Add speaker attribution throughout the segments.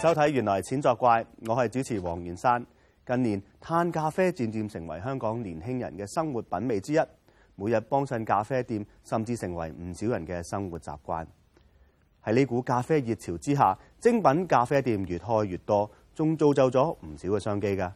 Speaker 1: 收睇原來係錢作怪，我係主持黃元山。近年嘆咖啡漸漸成為香港年輕人嘅生活品味之一，每日幫襯咖啡店，甚至成為唔少人嘅生活習慣。喺呢股咖啡熱潮之下，精品咖啡店越開越多，仲造就咗唔少嘅商機㗎。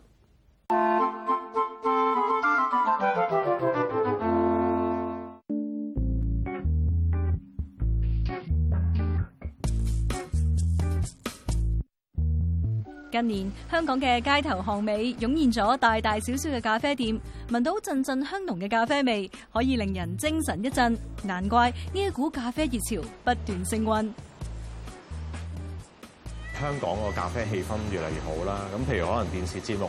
Speaker 2: 近年，香港嘅街頭巷尾湧現咗大大小小嘅咖啡店，聞到陣陣香濃嘅咖啡味，可以令人精神一振。難怪呢一股咖啡熱潮不斷升温。
Speaker 3: 香港個咖啡氣氛越嚟越好啦。咁譬如可能電視節目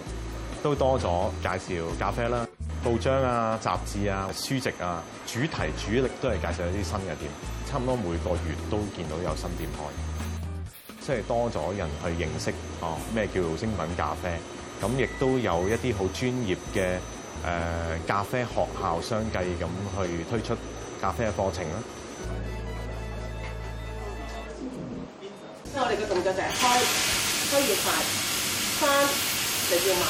Speaker 3: 都多咗介紹咖啡啦，報章啊、雜誌啊、書籍啊，主題主力都係介紹一啲新嘅店。差唔多每個月都見到有新店開。即係多咗人去認識哦，咩叫精品咖啡？咁亦都有一啲好專業嘅、呃、咖啡學校相繼咁去推出咖啡嘅課程啦。即係我哋嘅動
Speaker 4: 作就係開，開要快，翻就要慢。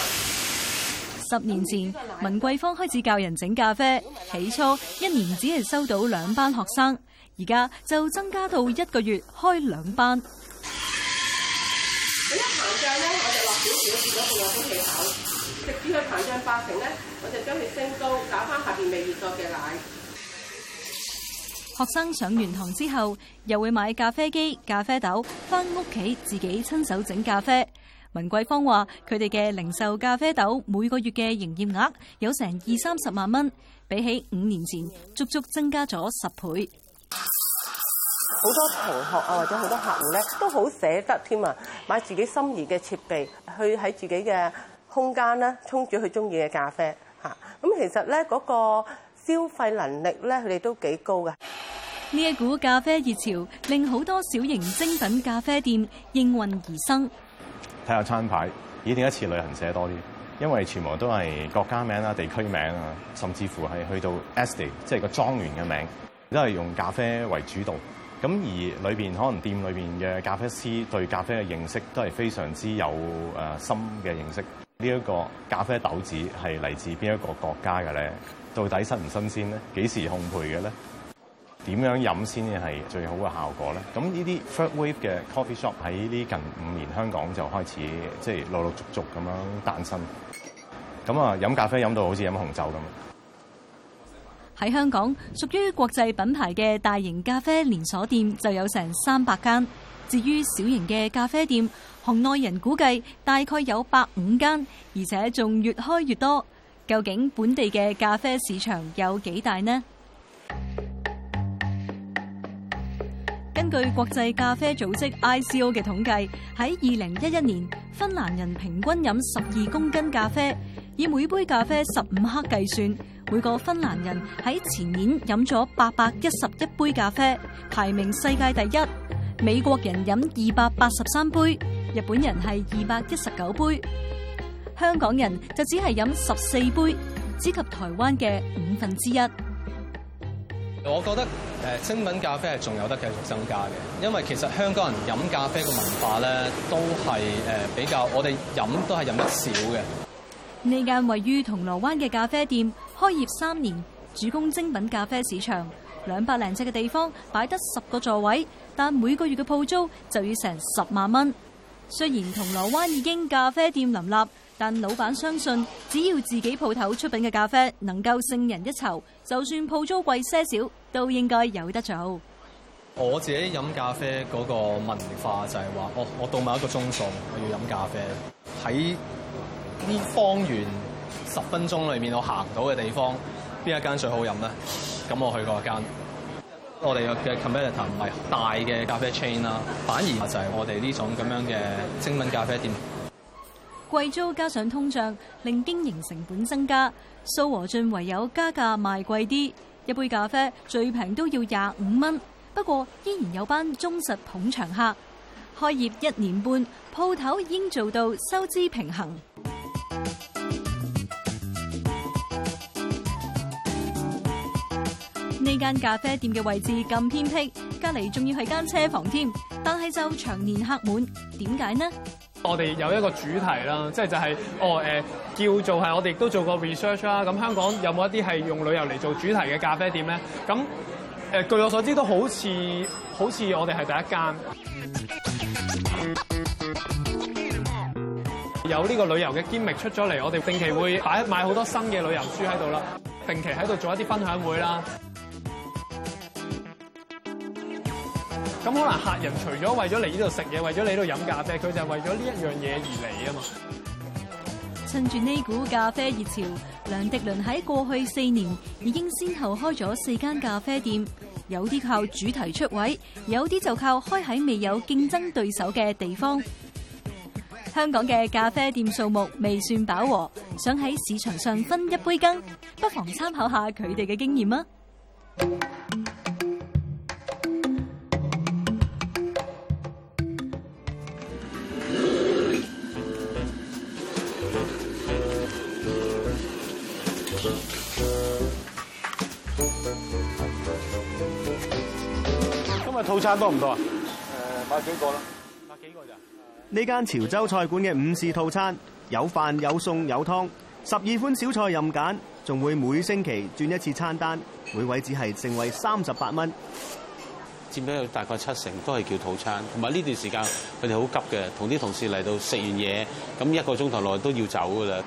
Speaker 2: 十年前，文桂芳開始教人整咖啡，起初一年只係收到兩班學生，而家就增加到一個月開兩班。
Speaker 3: 之後咧，我就落少少變咗佢個蒸汽口，食住佢膨脹八成呢，我就將佢升高，打翻下邊未熱
Speaker 2: 過嘅奶。學生上完堂之後，又會買咖啡機、咖啡豆，翻屋企自己親手整咖啡。文桂芳話：佢哋嘅零售咖啡豆每個月嘅營業額有成二三十萬蚊，比起五年前，足足增加咗十倍。
Speaker 1: 好多同學啊，或者好多客戶咧，都好捨得添啊，買自
Speaker 3: 己心儀嘅設備，去喺自己嘅空間咧，沖煮佢中意嘅咖啡
Speaker 4: 吓。咁其實咧，嗰個消費能力咧，佢哋都幾高㗎。
Speaker 2: 呢一股咖啡熱潮，令好多小型精品咖啡店應運而生。
Speaker 3: 睇下餐牌，咦？點解似旅行社多啲？因為全部都係國家名啊、地區名啊，甚至乎係去到 estate，即係個莊園嘅名，都係用咖啡為主導。咁而裏面，可能店裏面嘅咖啡師對咖啡嘅認識都係非常之有誒深嘅認識。呢一個咖啡豆子係嚟自邊一個國家嘅咧？到底新唔新鮮咧？幾時烘焙嘅咧？點樣飲先係最好嘅效果咧？咁呢啲 third wave 嘅 coffee shop 喺呢近五年香港就開始即係陸陸續續咁樣誕生。咁啊飲咖啡飲到好似飲紅酒咁。
Speaker 2: 喺香港，屬於國際品牌嘅大型咖啡連鎖店就有成三百間。至於小型嘅咖啡店，行內人估計大概有百五間，而且仲越開越多。究竟本地嘅咖啡市場有幾大呢？根據國際咖啡組織 ICO 嘅統計，喺二零一一年，芬蘭人平均飲十二公斤咖啡，以每杯咖啡十五克計算，每個芬蘭人喺前年飲咗八百一十一杯咖啡，排名世界第一。美國人飲二百八十三杯，日本人係二百一十九杯，香港人就只係飲十四杯，只及台灣嘅五分之一。
Speaker 3: 我覺得誒，精品咖啡係仲有得繼續增加嘅，因為其實香港人飲咖啡嘅文化呢都係誒比較，我哋飲都係飲得少嘅。
Speaker 2: 呢間位於銅鑼灣嘅咖啡店開業三年，主攻精品咖啡市場。兩百零尺嘅地方擺得十個座位，但每個月嘅鋪租就要成十萬蚊。雖然銅鑼灣已經咖啡店林立，但老闆相信，只要自己鋪頭出品嘅咖啡能夠勝人一籌，就算鋪租貴些少，都應該有得做。
Speaker 3: 我自己飲咖啡嗰個文化就係話，哦，我到某一個鐘數，我要飲咖啡。喺啲方圓十分鐘裏面，我行到嘅地方，邊一間最好飲咧？咁我去過一間，我哋嘅 competitor 唔係大嘅咖啡 chain 啦，反而就係我哋呢種咁樣嘅精
Speaker 5: 品咖啡店。
Speaker 2: 貴租加上通脹，令經營成本增加，蘇和俊唯有加價賣貴啲一,一杯咖啡，最平都要廿五蚊。不過依然有班忠實捧場客。開業一年半，鋪頭已經做到收支平衡。呢 間咖啡店嘅位置咁偏僻，隔離仲要係間車房添，但係就長年客滿，點解呢？
Speaker 3: 我哋有一個主題啦，即係就係、是、哦、呃、叫做係我哋都做過 research 啦。咁香港有冇一啲係用旅遊嚟做主題嘅咖啡店咧？咁誒、呃、據我所知都好似好似我哋係第一間 有呢個旅遊嘅 gem 出咗嚟，我哋定期會擺買好多新嘅旅遊書喺度啦，定期喺度做一啲分享會啦。可能客人除咗為咗嚟呢度食嘢，為咗嚟呢度飲
Speaker 2: 咖啡，佢就係為咗呢一樣嘢而嚟啊嘛。趁住呢股咖啡熱潮，梁迪倫喺過去四年已經先後開咗四間咖啡店，有啲靠主題出位，有啲就靠開喺未有競爭對手嘅地方。香港嘅咖啡店數目未算飽和，想喺市場上分一杯羹，不妨參考下佢哋嘅經驗啊！
Speaker 1: 套餐多唔多啊？誒，
Speaker 5: 買幾個啦？買幾
Speaker 1: 個咋？呢間潮州菜館嘅午市套餐有飯有餸有湯，十二款小菜任揀，仲會每星期轉一次餐單，每位只係盛惠三十八蚊。
Speaker 3: 佔咗有大概七成都係叫套餐，同埋呢段時間佢哋好急嘅，同啲同事嚟到食完嘢，咁一個鐘頭內都要走㗎啦。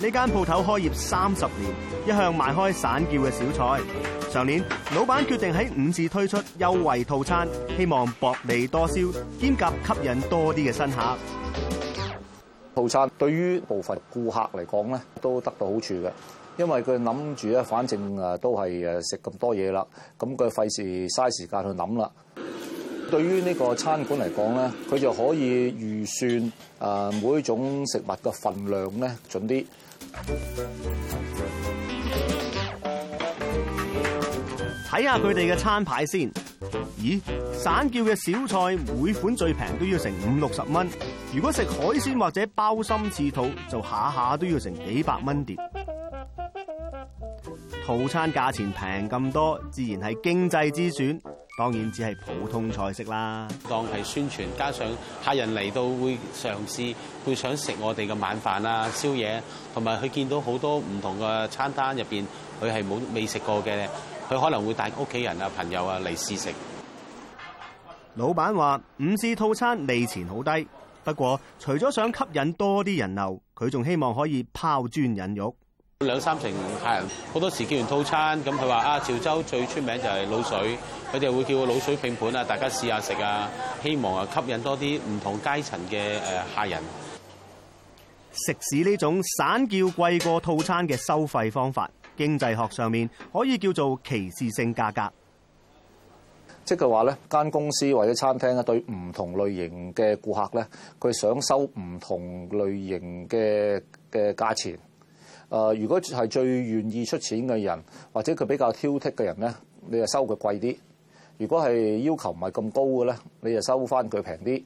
Speaker 1: 呢間鋪頭開業三十年，一向賣開散叫嘅小菜。上年老闆決定喺午市推出優惠套餐，希望薄利多銷，兼
Speaker 5: 夾吸引多啲嘅新客。套餐對於部分顧客嚟講咧，都得到好處嘅，因為佢諗住咧，反正誒都係誒食咁多嘢啦，咁佢費事嘥時間去諗啦。對於呢個餐館嚟講咧，佢就可以預算誒每一種食物嘅份量咧，準啲。
Speaker 1: 睇下佢哋嘅餐牌先。咦，散叫嘅小菜每款最平都要成五六十蚊，如果食海鮮或者鮑參翅肚，就下下都要成幾百蚊碟。套餐價錢平咁多，自然係經濟之選。當然只係普通菜式啦。當係宣傳，
Speaker 3: 加上客人嚟到會嘗試，會想食我哋嘅晚飯啊、宵夜，同埋佢見到好多唔同嘅餐單入邊，佢係冇未食過嘅，佢可能會帶屋企人啊、朋友啊嚟試食。
Speaker 1: 老闆話：午市套餐利錢好低，不過除咗想吸引多啲人流，佢仲希望可以拋磚引玉。
Speaker 3: 兩三成客人，好多時叫完套餐，咁佢話啊，潮州最出名就係滷水，佢哋會叫個滷水拼盤啊，大家試下食啊，希望啊吸引多啲唔同階層嘅誒客人。
Speaker 1: 食肆呢種散叫貴過套餐嘅收費方法，經濟學上面可以叫做歧視性價格，
Speaker 5: 即係話咧，間公司或者餐廳啊，對唔同類型嘅顧客咧，佢想收唔同類型嘅嘅價錢。誒，如果係最願意出錢嘅人，或者佢比較挑剔嘅人咧，你就收佢貴啲；如果係要求唔係咁高嘅咧，你就收翻佢平啲。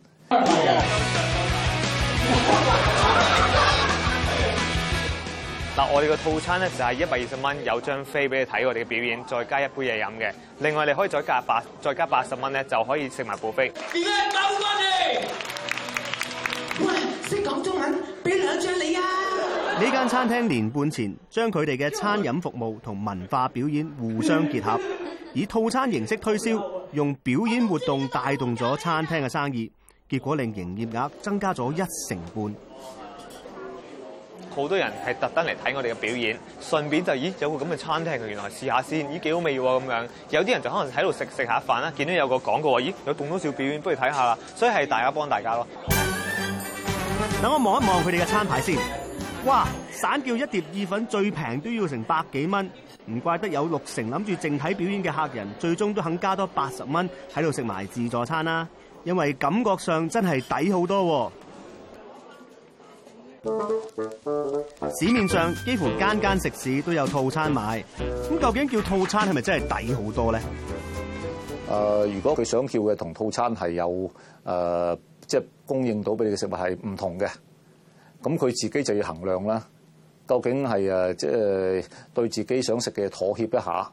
Speaker 3: 嗱，我哋嘅套餐咧就係一百二十蚊，有張飛俾你睇我哋嘅表演，再加一杯嘢
Speaker 1: 飲嘅。另外，你可以再加八，再加八十蚊咧，就可以食埋部飛。而家係九蚊嚟㗎！喂，識講中文，俾
Speaker 3: 兩張你啊！呢間餐
Speaker 1: 廳年半前將佢哋嘅餐飲服務同文化表演互相結合，以套餐形式推銷，用表演活動帶動咗餐廳嘅生意，結果令營業額增加咗一成半。
Speaker 3: 好多人係特登嚟睇我哋嘅表演，順便就咦有個咁嘅餐廳，原來試下先，咦，幾好味喎咁
Speaker 1: 樣。有啲人就可能喺度食食下飯啦，見到有個廣告話咦有咁多少表演，不如睇下啦。所以係大家幫大家咯。等我望一望佢哋嘅餐牌先。哇！散叫一碟意粉最平都要成百幾蚊，唔怪得有六成諗住淨睇表演嘅客人，最終都肯加多八十蚊喺度食埋自助餐啦，因為感覺上真係抵好多，啊。市面上幾乎間間食肆都有套餐買，咁究竟叫套餐係咪真係抵
Speaker 5: 好多咧？誒、呃，如果佢想叫嘅同套餐係有誒，即、呃、係、就是、供應到俾你嘅食物係唔同嘅。咁佢自己就要衡量啦，究竟係誒即係對自己想食嘅妥協一下，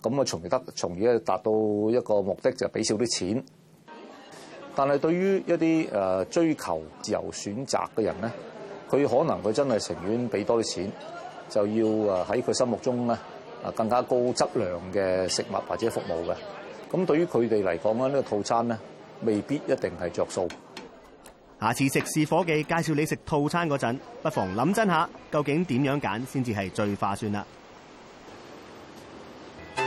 Speaker 5: 咁啊從而得，從而咧達到一個目的就係俾少啲錢。但係對於一啲誒追求自由選擇嘅人咧，佢可能佢真係情願俾多啲錢，就要誒喺佢心目中咧啊更加高質量嘅食物或者服務嘅。咁對於佢哋嚟講咧，呢個套餐咧未必一定係着數。下次食肆伙計介紹你食套餐嗰陣，不妨諗真下
Speaker 1: 究竟點樣揀先至係最划算啦。呢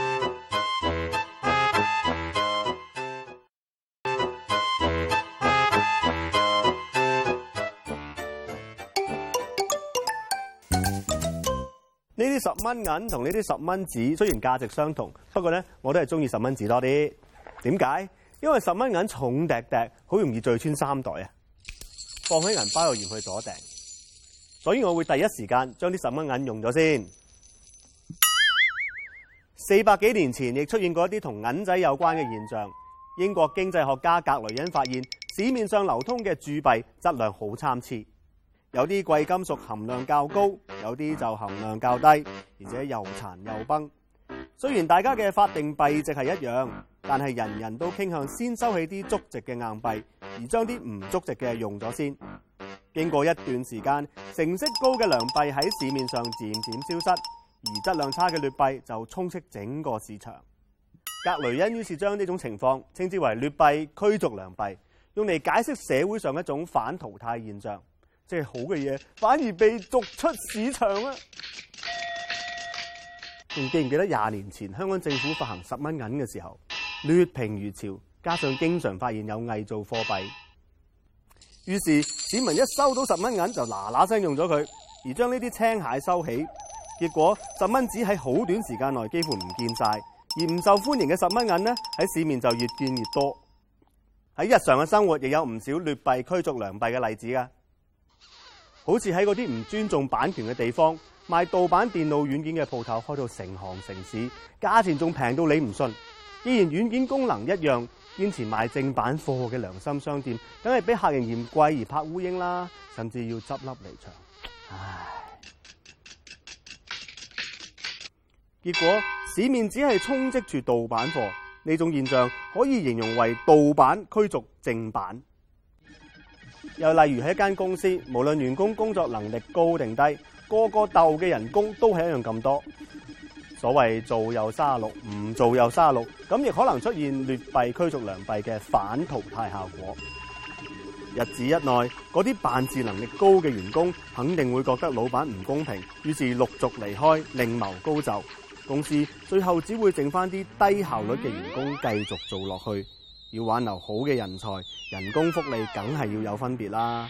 Speaker 1: 啲十蚊銀同呢啲十蚊紙雖然價值相同，不過呢我都係中意十蚊紙多啲。點解？因為十蚊銀重啲啲，好容易墜穿三袋啊！放喺銀包入面去鎖定，所以我會第一時間將啲十蚊銀用咗先。四百幾年前亦出現過一啲同銀仔有關嘅現象。英國經濟學家格雷欣發現，市面上流通嘅鑄幣質量好參差，有啲貴金屬含量較高，有啲就含量較低，而且又殘又崩。雖然大家嘅法定幣值係一樣。但係人人都傾向先收起啲足值嘅硬幣，而將啲唔足值嘅用咗先。經過一段時間，成色高嘅良幣喺市面上漸漸消失，而質量差嘅劣幣就充斥整個市場。格雷欣於是將呢種情況稱之為劣幣驅逐良幣，用嚟解釋社會上一種反淘汰現象，即係好嘅嘢反而被逐出市場啦。仲記唔記得廿年前香港政府發行十蚊銀嘅時候？劣評如潮，加上經常發現有偽造貨幣，於是市民一收到十蚊銀就嗱嗱聲用咗佢，而將呢啲青蟹收起。結果十蚊紙喺好短時間內幾乎唔見晒，而唔受歡迎嘅十蚊銀呢，喺市面就越見越多。喺日常嘅生活，亦有唔少劣幣驅逐良幣嘅例子㗎，好似喺嗰啲唔尊重版權嘅地方賣盜版電腦軟件嘅鋪頭開到成行成市，價錢仲平到你唔信。依然軟件功能一樣，堅持賣正版貨嘅良心商店，梗係俾客人嫌貴而拍烏蠅啦，甚至要執笠離場。唉，結果市面只係充斥住盜版貨呢種現象，可以形容為盜版驅逐正版。又例如喺一間公司，無論員工工作能力高定低，個個鬥嘅人工都係一樣咁多。所謂做又卅六，唔做又卅六，咁亦可能出現劣幣驅逐良幣嘅反淘汰效果。日子一耐，嗰啲辦事能力高嘅員工肯定會覺得老闆唔公平，於是陸續離開，另謀高就。公司最後只會剩翻啲低效率嘅員工繼續做落去。要挽留好嘅人才，人工福利梗係要有分別啦。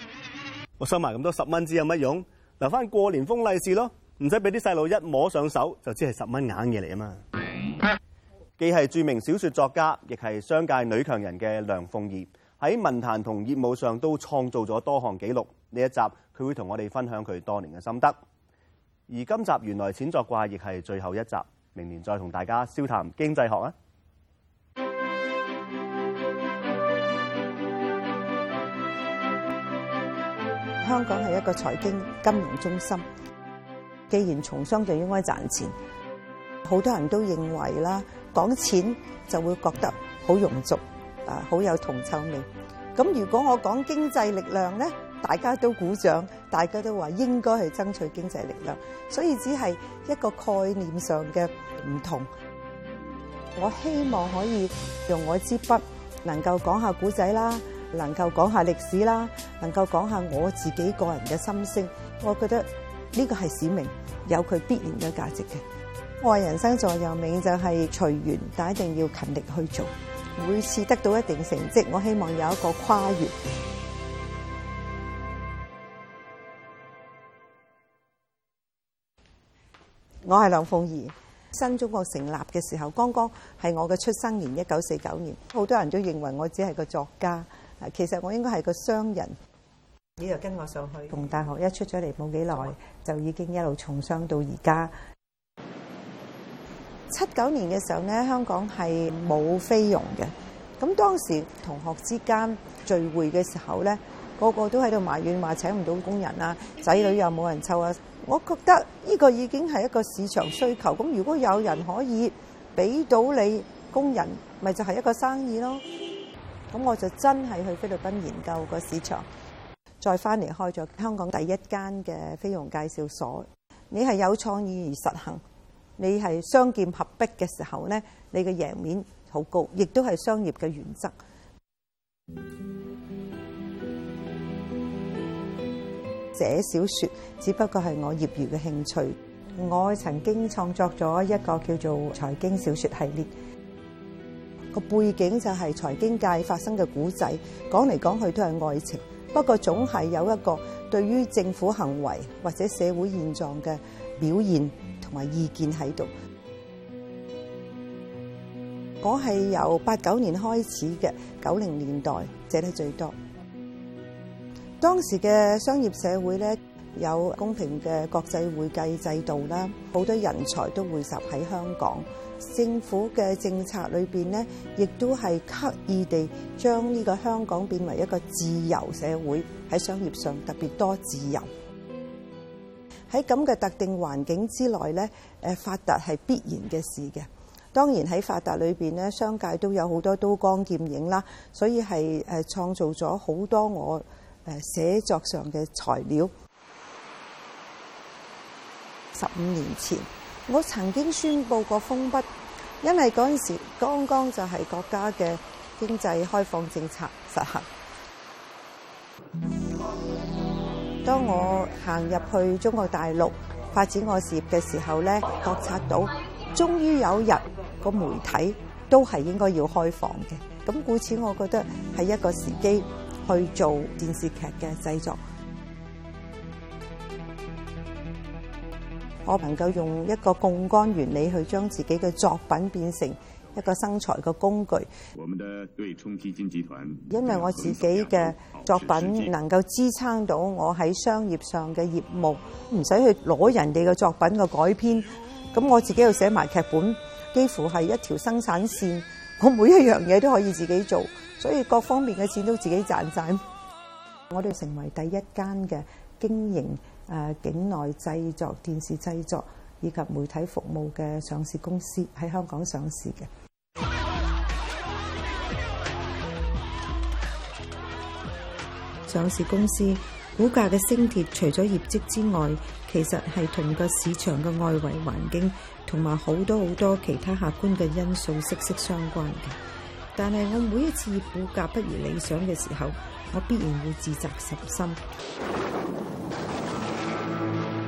Speaker 1: 我收埋咁多十蚊紙有乜用？留翻過年封利是咯。唔使俾啲細路一摸上手就知係十蚊硬嘢嚟啊嘛！既係著名小説作家，亦係商界女強人嘅梁鳳儀，喺文壇同業務上都創造咗多項紀錄。呢一集佢會同我哋分享佢多年嘅心得。而今集原來錢作怪，亦係最後一集。明年再同大家消談經濟學啊！
Speaker 4: 香港係一個財經金融中心。既然從商就應該賺錢，好多人都認為啦，講錢就會覺得好庸俗，啊，好有銅臭味。咁如果我講經濟力量呢，大家都鼓掌，大家都話應該去爭取經濟力量，所以只係一個概念上嘅唔同。我希望可以用我支筆，能夠講下古仔啦，能夠講下歷史啦，能夠講下我自己個人嘅心聲，我覺得。呢個係使命，有佢必然嘅價值嘅。我話人生座右銘就係隨緣，但一定要勤力去做。每次得到一定成績，我希望有一個跨越。我係梁鳳儀。新中國成立嘅時候，剛剛係我嘅出生年，一九四九年。好多人都認為我只係個作家，其實我應該係個商人。你就跟我上去。同大學一出咗嚟冇幾耐，就已經一路從商到而家。七九年嘅時候呢，香港係冇菲傭嘅。咁當時同學之間聚會嘅時候呢，個個都喺度埋怨話請唔到工人啊，仔女又冇人湊啊。我覺得呢個已經係一個市場需求。咁如果有人可以俾到你工人，咪就係一個生意咯。咁我就真係去菲律賓研究個市場。再翻嚟開咗香港第一間嘅菲傭介紹所，你係有創意而實行，你係雙劍合璧嘅時候呢，你嘅贏面好高，亦都係商業嘅原則。寫小説只不過係我業餘嘅興趣，我曾經創作咗一個叫做《財經小説》系列，個背景就係財經界發生嘅故仔，講嚟講去都係愛情。不過總係有一個對於政府行為或者社會現狀嘅表現同埋意見喺度。我係由八九年開始嘅，九零年代借得最多。當時嘅商業社會呢，有公平嘅國際會計制度啦，好多人才都匯集喺香港。政府嘅政策裏邊呢，亦都係刻意地將呢個香港變為一個自由社會，喺商業上特別多自由。喺咁嘅特定環境之內呢，誒發達係必然嘅事嘅。當然喺發達裏邊呢，商界都有好多刀光劍影啦，所以係誒創造咗好多我誒寫作上嘅材料。十五年前。我曾經宣佈過封筆，因為嗰陣時剛剛就係國家嘅經濟開放政策實行。當我行入去中國大陸發展我事業嘅時候咧，覺察到終於有日個媒體都係應該要開放嘅。咁故此，我覺得係一個時機去做電視劇嘅製作。我能夠用一個槓桿原理去將自己嘅作品變成一個生財嘅工具。
Speaker 3: 我們的對沖基金集團，因為我自己
Speaker 4: 嘅作品能夠支撐到我喺商業上嘅業務，唔使去攞人哋嘅作品嘅改編，咁我自己又寫埋劇本，幾乎係一條生產線，我每一樣嘢都可以自己做，所以各方面嘅錢都自己賺曬。我哋成為第一間嘅經營。誒，境內製作、電視製作以及媒體服務嘅上市公司，喺香港上市嘅上市公司股價嘅升跌，除咗業績之外，其實係同個市場嘅外圍環境同埋好多好多其他客觀嘅因素息息相關嘅。但係我每一次股價不如理想嘅時候，我必然會自責甚深。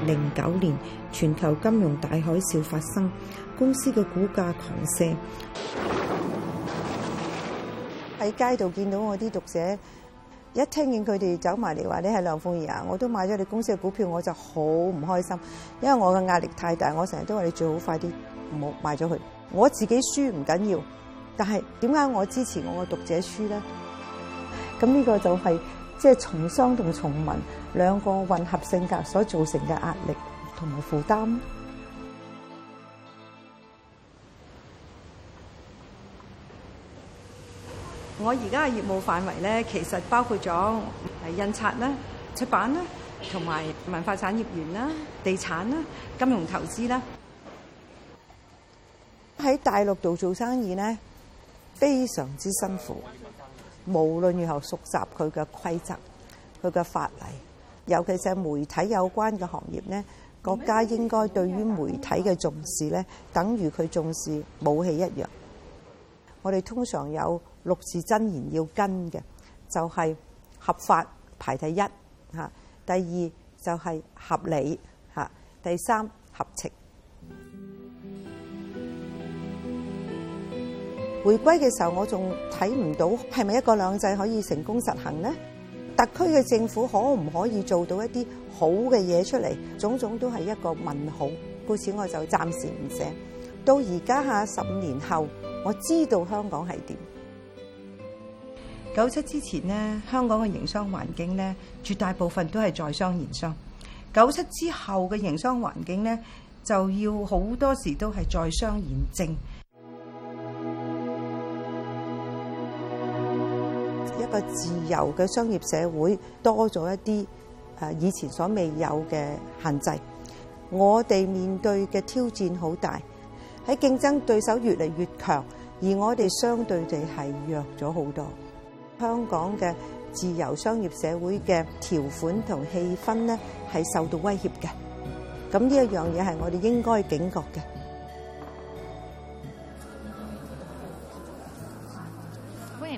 Speaker 4: 零九年全球金融大海嘯發生，公司嘅股價狂瀉。喺街度見到我啲讀者，一聽見佢哋走埋嚟，話你係梁鳳儀啊，我都買咗你公司嘅股票，我就好唔開心，因為我嘅壓力太大，我成日都話你最好快啲唔好賣咗佢。我自己輸唔緊要，但係點解我支持我嘅讀者輸咧？咁呢個就係、是。即係從商同從文兩個混合性格所造成嘅壓力同埋負擔。我而家嘅業務範圍咧，其實包括咗係印刷啦、出版啦，同埋文化產業園啦、地產啦、金融投資啦。喺大陸度做生意咧，非常之辛苦。無論如何，熟習佢嘅規則，佢嘅法例，尤其是媒體有關嘅行業咧，國家應該對於媒體嘅重視咧，等於佢重視武器一樣，我哋通常有六字真言要跟嘅，就係合法排第一吓，第二就係合理吓，第三合情。回歸嘅時候，我仲睇唔到係咪一國兩制可以成功實行呢？特區嘅政府可唔可以做到一啲好嘅嘢出嚟？種種都係一個問號，故此我就暫時唔寫。到而家下十五年後，我知道香港係點。九七之前呢，香港嘅營商環境呢，絕大部分都係在商言商；九七之後嘅營商環境呢，就要好多時都係在商言政。個自由嘅商業社會多咗一啲誒，以前所未有嘅限制，我哋面對嘅挑戰好大，喺競爭對手越嚟越強，而我哋相對地係弱咗好多。香港嘅自由商業社會嘅條款同氣氛咧係受到威脅嘅，咁呢一樣嘢係我哋應該警覺嘅。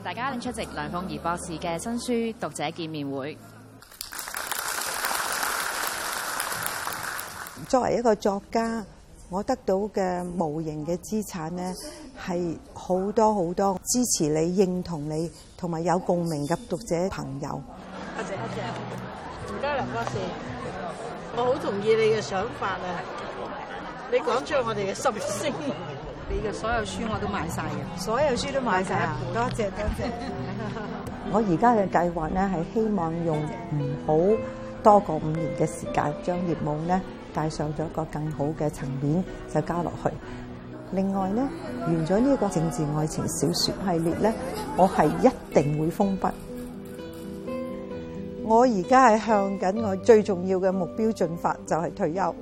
Speaker 5: 大家出席梁鳳儀博士嘅新書讀者見面會。
Speaker 4: 作為一個作家，我得到嘅無形嘅資產呢，係好多好多支持你、認同你同埋有共鳴嘅讀者朋友。
Speaker 2: 多謝多謝，唔該梁博士，我好
Speaker 3: 同
Speaker 4: 意你嘅想法啊！你講出我哋嘅心聲。你嘅所有書我都買晒嘅，所有書都買晒啊！多謝多謝。 我而家嘅計劃咧，係希望用唔好多過五年嘅時間，將業務咧帶上咗一個更好嘅層面，就交落去。另外咧，完咗呢一個政治愛情小説系列咧，我係一定會封筆。我而家係向緊我最重要嘅目標進發，就係、是、退休。